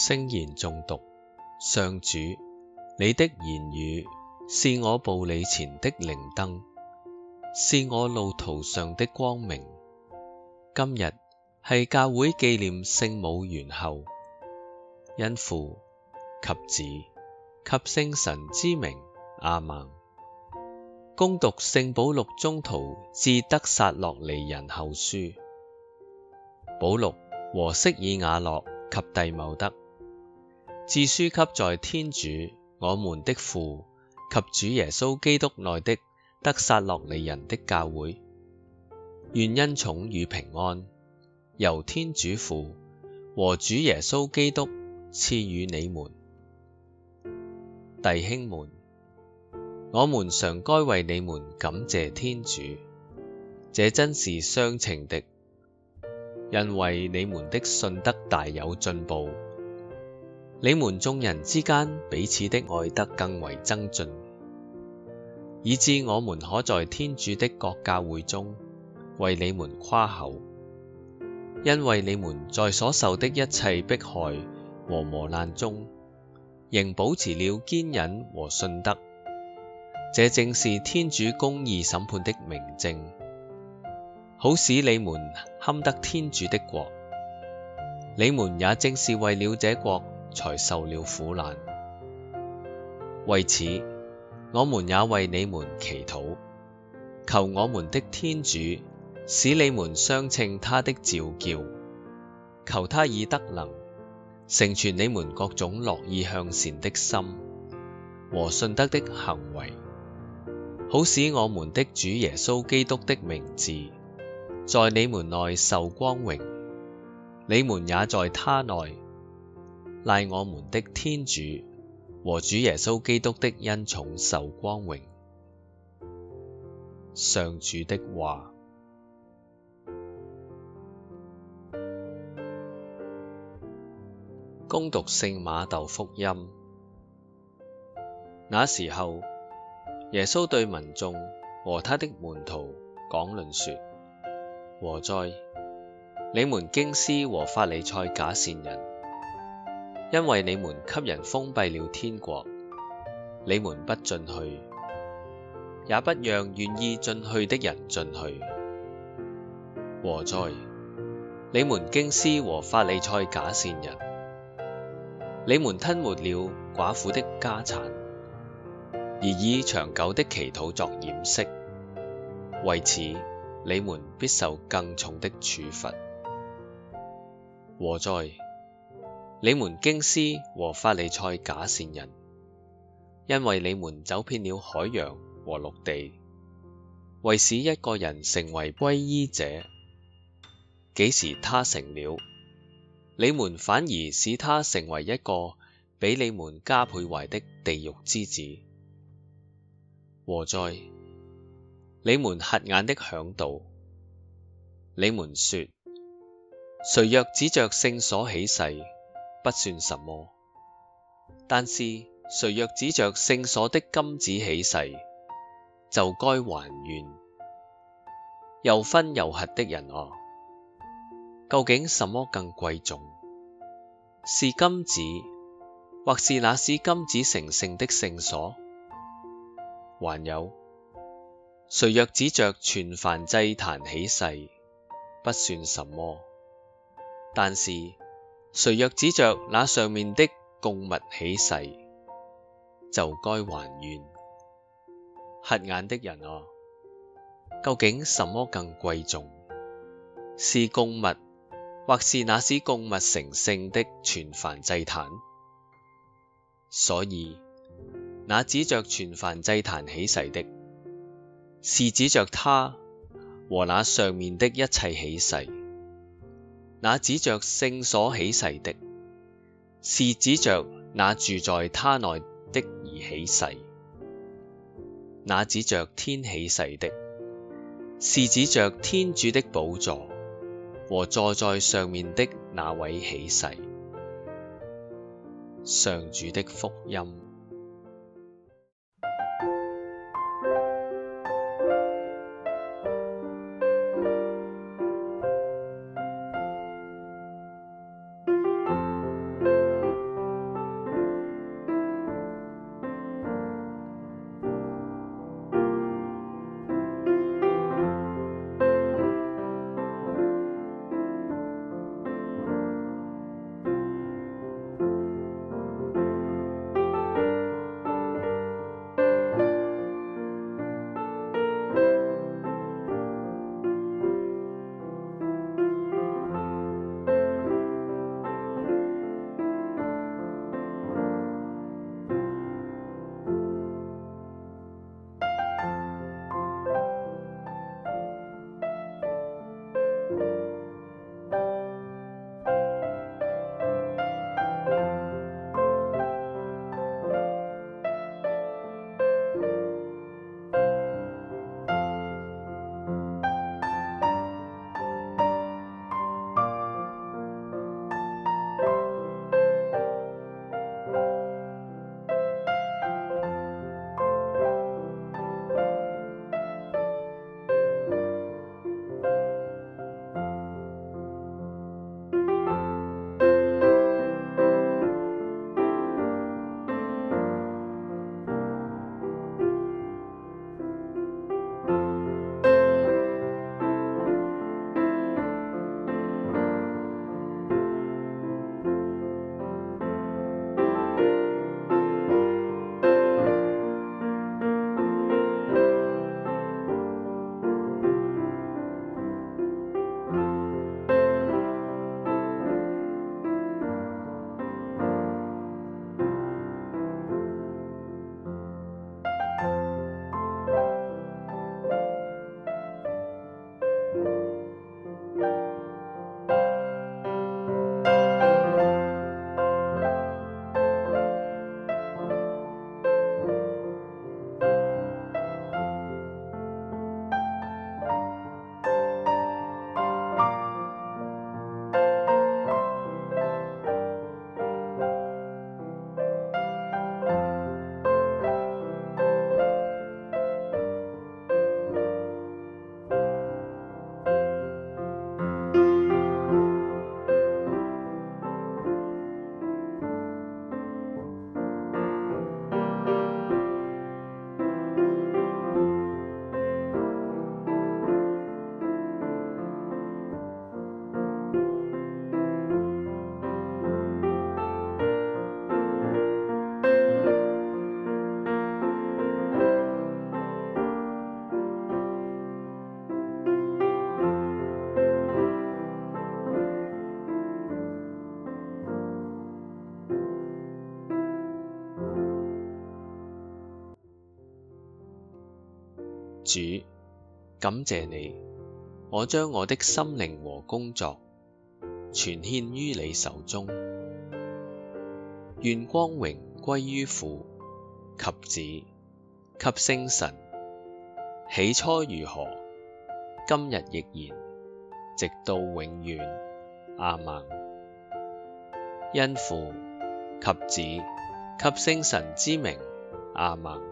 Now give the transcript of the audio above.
聲言誦讀，上主，你的言語是我步履前的靈燈，是我路途上的光明。今日係教會紀念聖母元后，因父及子及聖神之名，阿門。恭讀聖保祿宗徒，致得撒洛尼人後書。保禄和息耳瓦諾及弟茂德。致書給在天主我們的父及主耶穌基督內的得撒洛尼人的教會，願恩寵與平安由天主父和主耶穌基督賜予你們，弟兄們，我們常該為你們感謝天主，這真是相稱的，因為你們的信德大有進步。你們眾人之間彼此的愛德更為增進，以致我們可在天主的各教會中，為你們誇口，因為你們在所受的一切迫害和磨難中，仍保持了堅忍和信德。這正是天主公義審判的明證，好使你們堪得天主的國。你們也正是為了這國，才受了苦難。為此，我們也為你們祈禱，求我們的天主使你們相稱他的召叫，求他以德能成全你們各種樂意向善的心和信德的行為，好使我們的主耶穌基督的名字在你們內受光榮，你們也在他內。賴我們的天主和主耶穌基督的恩寵受光榮。上主的話，恭讀聖馬竇福音。那時候，耶穌對民眾和他的門徒講論說：禍哉，你們經師和法利賽假善人！因為你們給人封閉了天國，你們不進去，也不讓願意進去的人進去。禍哉！你們經師和法利塞假善人，你們吞沒了寡婦的家產，而以長久的祈禱作掩飾，為此你們必受更重的處罰。禍哉！你們經師和法利賽假善人，因為你們走遍了海洋和陸地，為使一個人成為皈依者，幾時他成了，你們反而使他成為一個比你們加倍壞的地獄之子。和在你們瞎眼的響道，你們說，誰若指着聖所起誓，不算什麼，但是誰若指着聖所的金子起誓，就該還願，又昏又瞎的人哦、啊。究竟什麼更貴重？是金子，或是那使金子成聖的聖所？還有，誰若指着全燔祭壇起誓，不算什麼，但是。誰若指着那上面的供物起誓，就該還願。瞎眼的人啊，究竟什麼更貴重？是供物，或是那使供物成聖的全燔祭壇？所以，那指着全燔祭壇起誓的，是指着它和那上面的一切起誓。那指着聖所起誓的，是指着那住在他內的而起誓；那指着天起誓的，是指着天主的寶座和坐在上面的那位起誓。—上主的福音。主，感謝你，我將我的心靈和工作全獻於你手中。願光榮歸於父及子及聖神，起初如何，今日亦然，直到永遠。阿們，因父及子及聖神之名。阿們。